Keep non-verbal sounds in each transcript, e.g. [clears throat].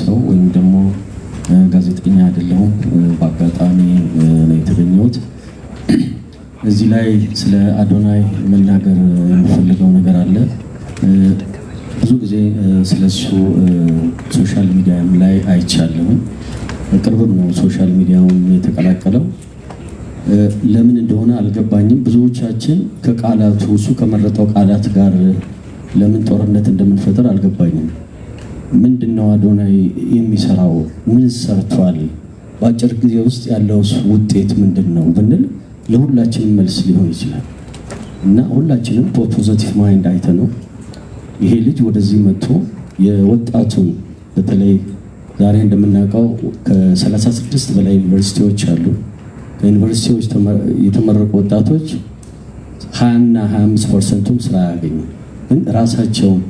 ሰው ወይም ደግሞ ጋዜጠኛ አይደለሁም። በአጋጣሚ ነው የተገኘሁት። [clears throat] እዚህ ላይ ስለ አዶናይ መናገር የምፈልገው ነገር አለ። ብዙ ጊዜ ስለሱ ሶሻል ሚዲያም ላይ አይቻለሁም። ቅርብም ነው ሶሻል ሚዲያውን የተቀላቀለው። ለምን እንደሆነ አልገባኝም። ብዙዎቻችን ከቃላቱ እሱ ከመረጠው ቃላት ጋር ለምን ጦርነት እንደምንፈጥር አልገባኝም። ምንድን ነው አዶናይ የሚሰራው? ምን ሰርቷል? በአጭር ጊዜ ውስጥ ያለው ውጤት ምንድን ነው ብንል ለሁላችንም መልስ ሊሆን ይችላል እና ሁላችንም በፖዘቲቭ ማይንድ አይተ ነው ይሄ ልጅ ወደዚህ መጥቶ የወጣቱን በተለይ ዛሬ እንደምናውቀው ከ36 በላይ ዩኒቨርሲቲዎች አሉ። ከዩኒቨርሲቲዎች የተመረቁ ወጣቶች 20 እና 25 ፐርሰንቱም ስራ አያገኙም። ግን ራሳቸውን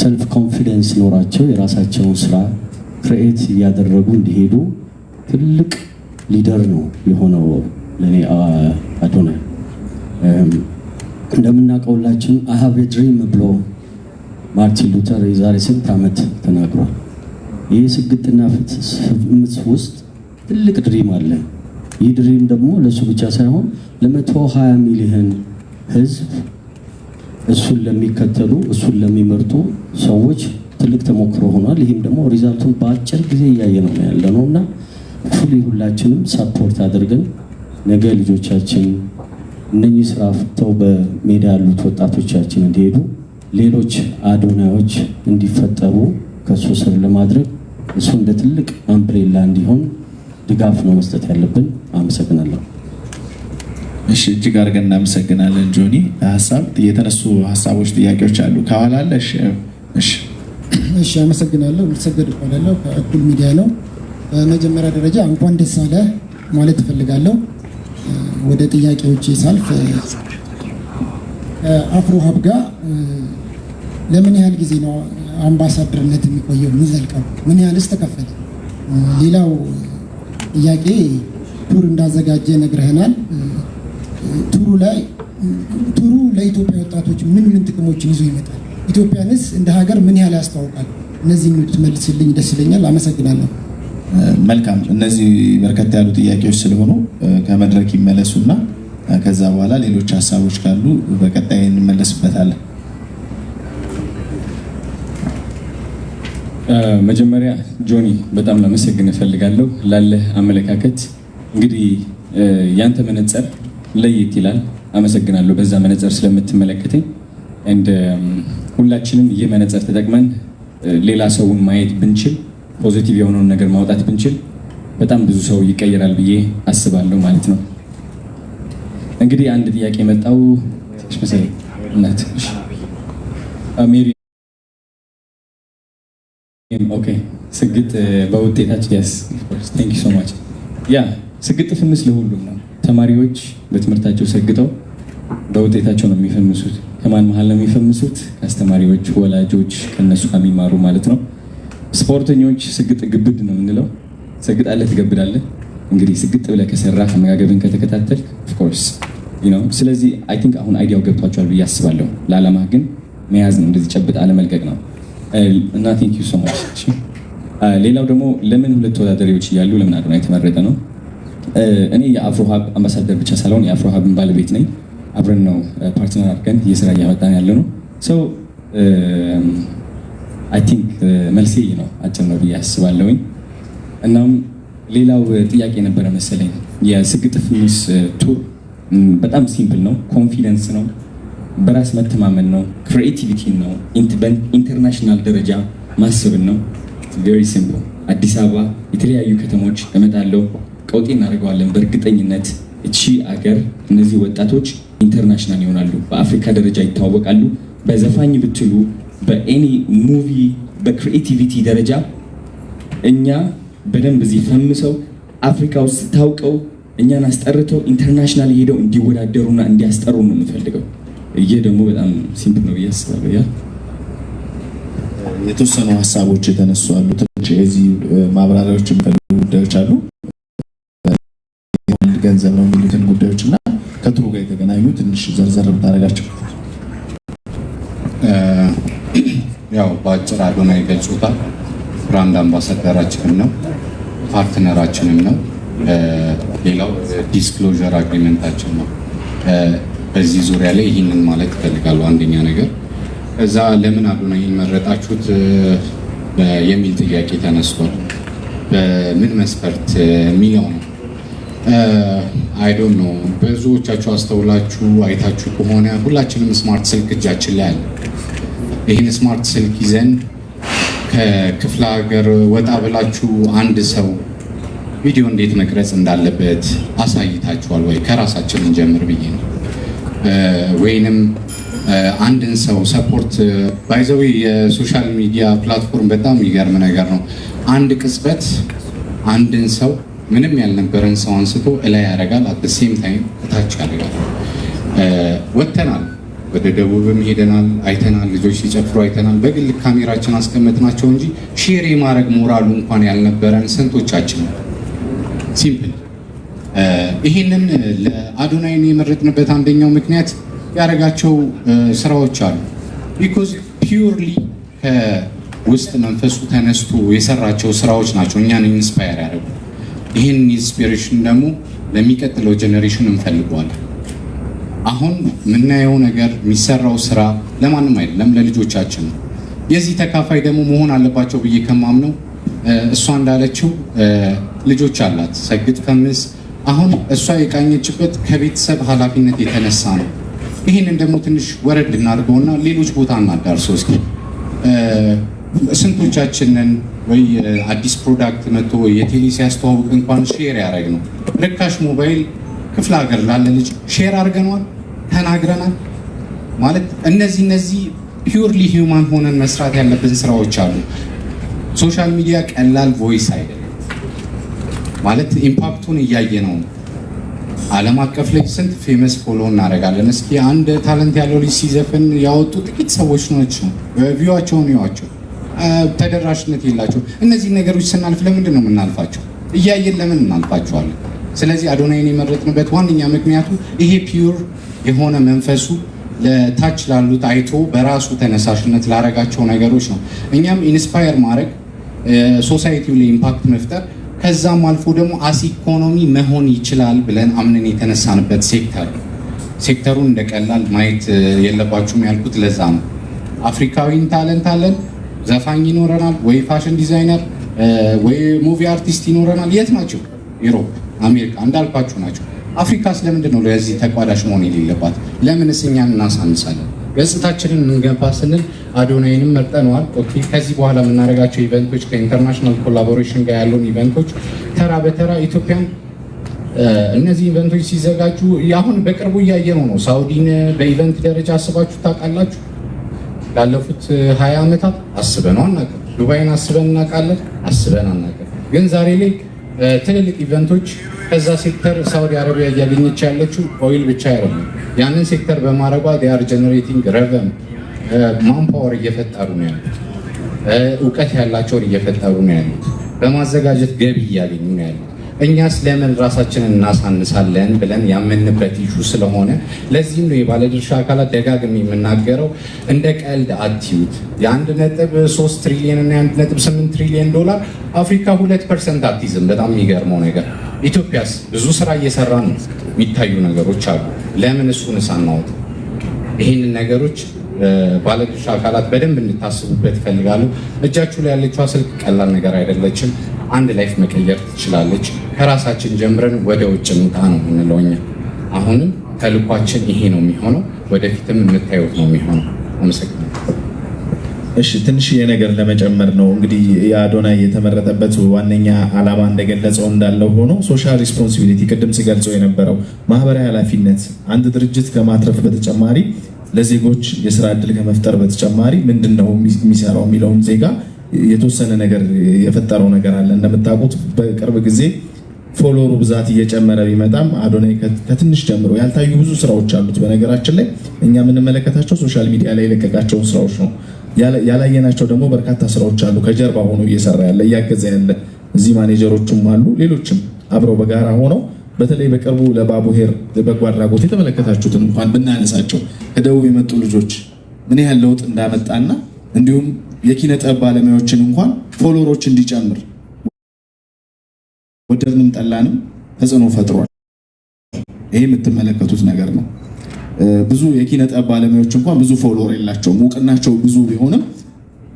ሰልፍ ኮንፊደንስ ኖራቸው የራሳቸውን ስራ ክርኤት እያደረጉ እንዲሄዱ ትልቅ ሊደር ነው የሆነው ለእኔ አዶናይ። እንደምናውቀውላችን ሁላችን ድሪም ብሎ ማርቲን ሉተር የዛሬ ስንት ዓመት ተናግሯል። ይህ ስግጥና ፍትምት ውስጥ ትልቅ ድሪም አለ። ይህ ድሪም ደግሞ ለእሱ ብቻ ሳይሆን ለመቶ ሃያ ሚሊዮን ህዝብ እሱን ለሚከተሉ እሱን ለሚመርጡ ሰዎች ትልቅ ተሞክሮ ሆኗል። ይህም ደግሞ ሪዛልቱን በአጭር ጊዜ እያየ ነው ያለ ነው እና ፉሊ ሁላችንም ሰፖርት አድርገን ነገ ልጆቻችን እነኚህ ስራ ፍተው በሜዳ ያሉት ወጣቶቻችን እንዲሄዱ ሌሎች አዶናዮች እንዲፈጠሩ ከእሱ ስር ለማድረግ እሱ እንደ ትልቅ አምብሬላ እንዲሆን ድጋፍ ነው መስጠት ያለብን። አመሰግናለሁ። እሺ እጅግ አድርገን እናመሰግናለን ጆኒ። ሀሳብ የተነሱ ሀሳቦች፣ ጥያቄዎች አሉ። ከኋላ አለ። እሺ አመሰግናለሁ። ልሰገድ እባላለሁ ከእኩል ሚዲያ ነው። በመጀመሪያ ደረጃ እንኳን ደስ አለ ማለት እፈልጋለሁ። ወደ ጥያቄዎች ሳልፍ አፍሮ ሀብ ጋር ለምን ያህል ጊዜ ነው አምባሳደርነት የሚቆየው የሚዘልቀው? ምን ያህልስ ተከፈለ? ሌላው ጥያቄ ቱር እንዳዘጋጀ ነግረህናል። ላይ ቱሩ ለኢትዮጵያ ወጣቶች ምን ምን ጥቅሞችን ይዞ ይመጣል? ኢትዮጵያንስ እንደ ሀገር ምን ያህል ያስተዋውቃል? እነዚህ ትመልስልኝ ደስ ይለኛል። አመሰግናለሁ። መልካም። እነዚህ በርከት ያሉ ጥያቄዎች ስለሆኑ ከመድረክ ይመለሱና ከዛ በኋላ ሌሎች ሀሳቦች ካሉ በቀጣይ እንመለስበታለን። መጀመሪያ ጆኒ በጣም ላመሰግን እፈልጋለሁ ላለህ አመለካከት እንግዲህ ያንተ መነጽር ለየት ይላል። አመሰግናለሁ በዛ መነጽር ስለምትመለከተኝ። እንደ ሁላችንም ይህ መነጽር ተጠቅመን ሌላ ሰውን ማየት ብንችል፣ ፖዚቲቭ የሆነውን ነገር ማውጣት ብንችል በጣም ብዙ ሰው ይቀየራል ብዬ አስባለሁ ማለት ነው። እንግዲህ አንድ ጥያቄ የመጣው ኦኬ ስግጥ በውጤታችን ያስ ቴንክ ዩ ሶ ማች ያ ስግጥ ፍምስ ለሁሉም ነው ተማሪዎች በትምህርታቸው ሰግተው በውጤታቸው ነው የሚፈምሱት። ከማን መሀል ነው የሚፈምሱት? ከአስተማሪዎች፣ ወላጆች ከነሱ ከሚማሩ ማለት ነው። ስፖርተኞች ስግጥ ግብድ ነው የምንለው። ሰግጣለህ፣ ትገብዳለህ። እንግዲህ ስግጥ ብለህ ከሰራህ አመጋገብን ከተከታተል ኦፍኮርስ ነው። ስለዚህ አይ ቲንክ አሁን አይዲያው ገብቷቸዋል ብዬ አስባለሁ። ለዓላማ ግን መያዝ ነው፣ እንደዚህ ጨብጥ አለመልቀቅ ነው እና ቴንክ ዩ ሶ ማች። ሌላው ደግሞ ለምን ሁለት ተወዳዳሪዎች እያሉ ለምን አዶናይ የተመረጠ ነው? እኔ የአፍሮ ሀብ አምባሳደር ብቻ ሳልሆን የአፍሮ ሀብን ባለቤት ነኝ። አብረን ነው ፓርትነር አድርገን እየስራ እያመጣን ያለ ነው። ሰው አይ ቲንክ መልሴ ነው አጭር ነው ብዬ አስባለሁኝ። እናም ሌላው ጥያቄ ነበረ መሰለኝ የስግጥፍ ኒውስ ቱር በጣም ሲምፕል ነው። ኮንፊደንስ ነው፣ በራስ መተማመን ነው፣ ክሪኤቲቪቲ ነው፣ ኢንተርናሽናል ደረጃ ማሰብን ነው። ቬሪ ሲምፕል። አዲስ አበባ የተለያዩ ከተሞች እመጣለሁ ቀውጤ እናደርገዋለን። በእርግጠኝነት እቺ አገር እነዚህ ወጣቶች ኢንተርናሽናል ይሆናሉ፣ በአፍሪካ ደረጃ ይታወቃሉ። በዘፋኝ ብትሉ፣ በኤኒ ሙቪ፣ በክሪኤቲቪቲ ደረጃ እኛ በደንብ እዚህ ፈምሰው አፍሪካ ውስጥ ታውቀው እኛን አስጠርተው ኢንተርናሽናል ሄደው እንዲወዳደሩና እንዲያስጠሩ ነው የምፈልገው። ይህ ደግሞ በጣም ሲምፕል ነው ብዬ አስባለሁ። ያ የተወሰኑ ሀሳቦች የተነሱ አሉ። የዚህ ማብራሪያዎች የሚፈልጉ ጉዳዮች አሉ። ከእንትኑ ጋር የተገናኙ ትንሽ ዘርዘር ብታደርጋቸው። ያው በአጭር አዶና ይገልጹታል። ብራንድ አምባሳደራችንም ነው፣ ፓርትነራችንም ነው። ሌላው ዲስክሎዥር አግሪመንታችን ነው። በዚህ ዙሪያ ላይ ይህንን ማለት ይፈልጋሉ። አንደኛ ነገር እዛ ለምን አዶናይን መረጣችሁት የሚል ጥያቄ ተነስቷል። በምን መስፈርት የሚለው ነው አይዶን ነው። ብዙዎቻችሁ አስተውላችሁ አይታችሁ ከሆነ ሁላችንም ስማርት ስልክ እጃችን ላይ አለ። ይህን ስማርት ስልክ ይዘን ከክፍለ ሀገር ወጣ ብላችሁ አንድ ሰው ቪዲዮ እንዴት መቅረጽ እንዳለበት አሳይታችኋል ወይ? ከራሳችን እንጀምር ብዬ ነው። ወይንም አንድን ሰው ሰፖርት ባይዘዊ የሶሻል ሚዲያ ፕላትፎርም በጣም የሚገርም ነገር ነው። አንድ ቅጽበት አንድን ሰው ምንም ያልነበረን ሰው አንስቶ እላይ ያደርጋል፣ አት ሴም ታይም እታች ያደርጋል። ወጥተናል፣ ወደ ደቡብም ሄደናል፣ አይተናል፣ ልጆች ሲጨፍሩ አይተናል። በግል ካሜራችን አስቀመጥናቸው እንጂ ሼር የማድረግ ሞራሉ እንኳን ያልነበረን ስንቶቻችን ሲምፕል። ይህንን ለአዶናይን የመረጥንበት አንደኛው ምክንያት ያደረጋቸው ስራዎች አሉ ቢኮዝ ፒውርሊ ከውስጥ መንፈሱ ተነስቶ የሰራቸው ስራዎች ናቸው እኛን ኢንስፓየር ያደረጉ ይህን ኢንስፒሬሽን ደግሞ ለሚቀጥለው ጀኔሬሽን እንፈልገዋለን። አሁን የምናየው ነገር የሚሰራው ስራ ለማንም አይደለም፣ ለልጆቻችን ነው። የዚህ ተካፋይ ደግሞ መሆን አለባቸው ብዬ ከማምነው እሷ እንዳለችው ልጆች አላት ሰግጥ ከምስ አሁን እሷ የቃኘችበት ከቤተሰብ ኃላፊነት የተነሳ ነው። ይህንን ደግሞ ትንሽ ወረድ እናድርገውና ሌሎች ቦታ እናዳርሰው እስኪ ስንቶቻችንን ወይ አዲስ ፕሮዳክት መጥቶ የቴሌ ሲያስተዋውቅ እንኳን ሼር ያደረግ ነው። ርካሽ ሞባይል ክፍለ ሀገር ላለ ልጅ ሼር አድርገኗል። ተናግረናል። ማለት እነዚህ እነዚህ ፒውርሊ ሂውማን ሆነን መስራት ያለብን ስራዎች አሉ። ሶሻል ሚዲያ ቀላል ቮይስ አይደለም። ማለት ኢምፓክቱን እያየ ነው። ዓለም አቀፍ ላይ ስንት ፌመስ ፎሎ እናደርጋለን። እስኪ አንድ ታለንት ያለው ልጅ ሲዘፍን ያወጡ ጥቂት ሰዎች ናቸው። ቪዋቸውን ይዋቸው ተደራሽነት የላቸው። እነዚህ ነገሮች ስናልፍ ለምንድን ነው የምናልፋቸው? እያየን ለምን እናልፋቸዋለን? ስለዚህ አዶናይን የመረጥንበት ዋነኛ ምክንያቱ ይሄ ፒዩር የሆነ መንፈሱ ለታች ላሉት አይቶ በራሱ ተነሳሽነት ላረጋቸው ነገሮች ነው። እኛም ኢንስፓየር ማድረግ ሶሳይቲው ላይ ኢምፓክት መፍጠር ከዛም አልፎ ደግሞ አስ ኢኮኖሚ መሆን ይችላል ብለን አምነን የተነሳንበት ሴክተር ነው። ሴክተሩን እንደቀላል ማየት የለባችሁም ያልኩት ለዛ ነው። አፍሪካዊን ታለንት አለን ዘፋኝ ይኖረናል፣ ወይ ፋሽን ዲዛይነር ወይ ሙቪ አርቲስት ይኖረናል። የት ናቸው? ዩሮፕ፣ አሜሪካ እንዳልኳችሁ ናቸው። አፍሪካስ ስለምንድን ነው ለዚህ ተቋዳሽ መሆን የሌለባት? ለምንስ እኛን እናሳንሳለን? ገጽታችንን እንገንባ ስንል አዶናይንም መርጠነዋል። ኦኬ ከዚህ በኋላ የምናደርጋቸው ኢቨንቶች ከኢንተርናሽናል ኮላቦሬሽን ጋር ያለውን ኢቨንቶች ተራ በተራ ኢትዮጵያን እነዚህ ኢቨንቶች ሲዘጋጁ አሁን በቅርቡ እያየነው ነው። ሳውዲን በኢቨንት ደረጃ አስባችሁ ታውቃላችሁ? ላለፉት ሀያ ዓመታት አስበነው አናውቅም። ዱባይን አስበን እናውቃለን፣ አስበን አናውቅም። ግን ዛሬ ላይ ትልልቅ ኢቨንቶች ከዛ ሴክተር ሳውዲ አረቢያ እያገኘች ያለችው ኦይል ብቻ አይደለም። ያንን ሴክተር በማድረጓ ዲያር ጀነሬቲንግ ረቨን ማንፓወር እየፈጠሩ ነው ያሉት። እውቀት ያላቸውን እየፈጠሩ ነው ያሉት። በማዘጋጀት ገቢ እያገኙ ነው ያሉት። እኛስ ለምን ራሳችንን እናሳንሳለን ብለን ያመንበት ይሹ ስለሆነ ለዚህም ነው የባለድርሻ አካላት ደጋግም የምናገረው እንደ ቀልድ አትዩት። የአንድ ነጥብ ሶስት ትሪሊየን እና የአንድ ነጥብ ስምንት ትሪሊየን ዶላር አፍሪካ ሁለት ፐርሰንት አትይዝም። በጣም የሚገርመው ነገር ኢትዮጵያስ ብዙ ስራ እየሰራ ነው። የሚታዩ ነገሮች አሉ። ለምን እሱን ሳናወጥ ይህንን ነገሮች ባለድርሻ አካላት በደንብ እንታስቡበት ይፈልጋሉ። እጃችሁ ላይ ያለችዋ ስልክ ቀላል ነገር አይደለችም። አንድ ላይፍ መቀየር ትችላለች። ከራሳችን ጀምረን ወደ ውጭ ምንጣ ነው የምንለው አሁንም ተልኳችን ይሄ ነው የሚሆነው፣ ወደፊትም የምታዩት ነው የሚሆነው። አመሰግናለሁ። እሺ ትንሽዬ ነገር ለመጨመር ነው እንግዲህ የአዶናይ የተመረጠበት ዋነኛ ዓላማ እንደገለጸው እንዳለው ሆኖ ሶሻል ሪስፖንሲቢሊቲ ቅድም ሲገልጸው የነበረው ማህበራዊ ኃላፊነት አንድ ድርጅት ከማትረፍ በተጨማሪ ለዜጎች የስራ ዕድል ከመፍጠር በተጨማሪ ምንድን ነው የሚሰራው የሚለውን ዜጋ የተወሰነ ነገር የፈጠረው ነገር አለ። እንደምታውቁት በቅርብ ጊዜ ፎሎሩ ብዛት እየጨመረ ቢመጣም አዶናይ ከትንሽ ጀምሮ ያልታዩ ብዙ ስራዎች አሉት። በነገራችን ላይ እኛ የምንመለከታቸው ሶሻል ሚዲያ ላይ የለቀቃቸውን ስራዎች ነው። ያላየናቸው ደግሞ በርካታ ስራዎች አሉ። ከጀርባ ሆኖ እየሰራ ያለ እያገዘ ያለ እዚህ ማኔጀሮችም አሉ፣ ሌሎችም አብረው በጋራ ሆነው በተለይ በቅርቡ ለባቡሄር በጎ አድራጎት የተመለከታችሁትን እንኳን ብናነሳቸው ከደቡብ የመጡ ልጆች ምን ያህል ለውጥ እንዳመጣና እንዲሁም የኪነ ጥበብ ባለሙያዎችን እንኳን ፎሎወሮች እንዲጨምር ወደድንም ጠላንም ተጽዕኖ ፈጥሯል። ይሄ የምትመለከቱት ነገር ነው። ብዙ የኪነ ጥበብ ባለሙያዎች እንኳን ብዙ ፎሎወር የላቸውም። እውቅናቸው ብዙ ቢሆንም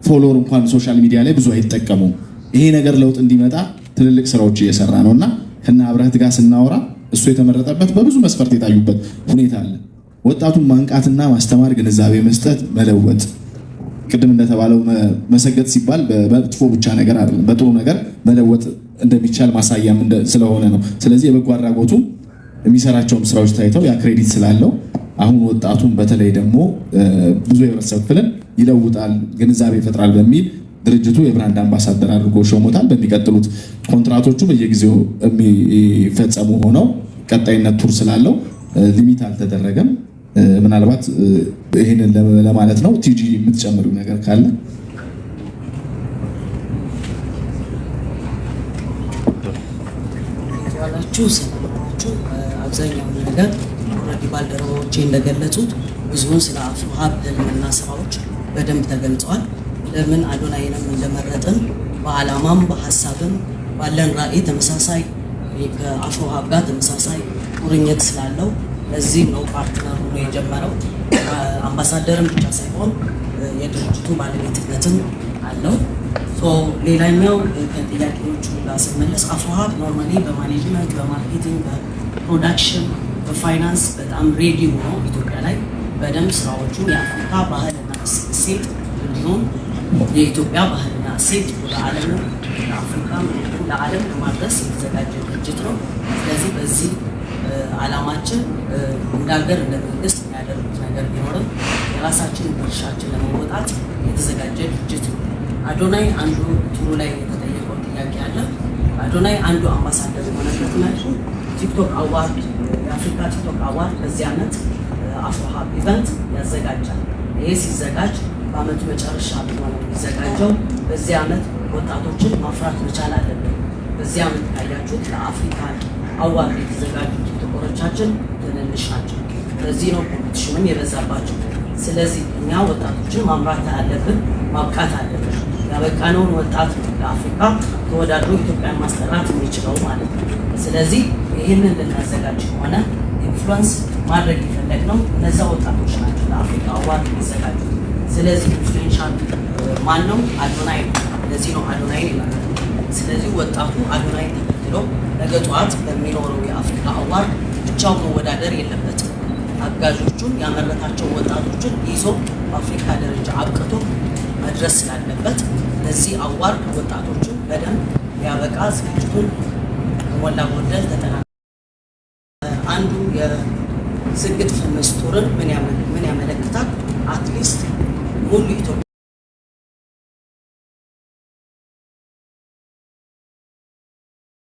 ፎሎወር እንኳን ሶሻል ሚዲያ ላይ ብዙ አይጠቀሙም። ይሄ ነገር ለውጥ እንዲመጣ ትልልቅ ስራዎች እየሰራ ነው እና ከና አብረህት ጋር ስናወራ እሱ የተመረጠበት በብዙ መስፈርት የታዩበት ሁኔታ አለ። ወጣቱን ማንቃትና ማስተማር፣ ግንዛቤ መስጠት፣ መለወጥ ቅድም እንደተባለው መሰገጥ ሲባል በመጥፎ ብቻ ነገር አይደለም፣ በጥሩ ነገር መለወጥ እንደሚቻል ማሳያም ስለሆነ ነው። ስለዚህ የበጎ አድራጎቱ የሚሰራቸውም ስራዎች ታይተው ያ ክሬዲት ስላለው አሁን ወጣቱን በተለይ ደግሞ ብዙ የህብረተሰብ ክፍልን ይለውጣል፣ ግንዛቤ ይፈጥራል በሚል ድርጅቱ የብራንድ አምባሳደር አድርጎ ሾሞታል። በሚቀጥሉት ኮንትራቶቹ በየጊዜው የሚፈጸሙ ሆነው ቀጣይነት ቱር ስላለው ሊሚት አልተደረገም። ምናልባት ይህንን ለማለት ነው። ቲጂ የምትጨምሪው ነገር ካለ ናችሁ ሰላማችሁ። አብዛኛውን ነገር ረዲ ባልደረባዎቼ እንደገለጹት ብዙውን ስለ አፍሮ ህልምና ስራዎች በደንብ ተገልጿል። ለምን አዶናይንም እንደመረጥን በአላማም በሀሳብም ባለን ራዕይ ተመሳሳይ ከአፍሮ ጋር ተመሳሳይ ቁርኝት ስላለው እዚህም ነው ፓርትነር ሆኖ የጀመረው። አምባሳደርም ብቻ ሳይሆን የድርጅቱ ባለቤትነትም አለው። ሌላኛው ከጥያቄዎቹ ጋር ስመለስ አፍሮሀብ ኖርማሊ በማኔጅመንት በማርኬቲንግ፣ በፕሮዳክሽን፣ በፋይናንስ በጣም ሬዲ ሆኖ ኢትዮጵያ ላይ በደንብ ስራዎቹ የአፍሪካ ባህልና እሴት እንዲሁም የኢትዮጵያ ባህልና እሴት ለዓለም ለአፍሪካ ለዓለም ለማድረስ የተዘጋጀ ድርጅት ነው። ስለዚህ በዚህ አላማችን እንደ ሀገር እንደ መንግስት የሚያደርጉት ነገር ቢኖርም የራሳችን ድርሻችን ለመወጣት የተዘጋጀ ድርጅት ነው። አዶናይ አንዱ ቱሩ ላይ የተጠየቀው ጥያቄ አለ። አዶናይ አንዱ አምባሳደር የሆነበት መልኩ ቲክቶክ አዋርድ የአፍሪካ ቲክቶክ አዋርድ በዚህ ዓመት አፍሮሃብ ኢቨንት ያዘጋጃል። ይህ ሲዘጋጅ በአመቱ መጨረሻ ሆነ የሚዘጋጀው በዚህ ዓመት ወጣቶችን ማፍራት መቻል አለብን። በዚህ ዓመት ካያችሁት ለአፍሪካ አዋርድ የተዘጋጁ ዲያስፖሮቻችን ትንንሽ ናቸው። በዚህ ነው ኮምፒቲሽንም የበዛባቸው። ስለዚህ እኛ ወጣቶችን ማምራት አለብን፣ ማብቃት አለብን። ያበቃነውን ወጣት ለአፍሪካ ተወዳድሮ ኢትዮጵያን ማስጠራት የሚችለው ማለት ነው። ስለዚህ ይህንን ልናዘጋጅ ከሆነ ኢንፍሉንስ ማድረግ የፈለግ ነው እነዛ ወጣቶች ናቸው ለአፍሪካ አዋርድ የሚዘጋጁ። ስለዚህ ኢንፍሉንሻል ማን ነው? አዶናይ። ለዚህ ነው አዶናይ ይላል። ስለዚህ ወጣቱ አዶናይ ተከትሎ ነገ ጠዋት በሚኖረው የአፍሪካ አዋርድ ብቻውን መወዳደር የለበትም። አጋዦቹን ያመረታቸው ወጣቶችን ይዞ በአፍሪካ ደረጃ አብቅቶ መድረስ ስላለበት ለዚህ አዋርድ ወጣቶችን በደንብ ያበቃ ዝግጅቱን ሞላ ጎደል ተጠና አንዱ የዝግት ፈመስ ቱርን ምን ያመለክታል? አትሊስት ሙሉ ኢትዮጵያ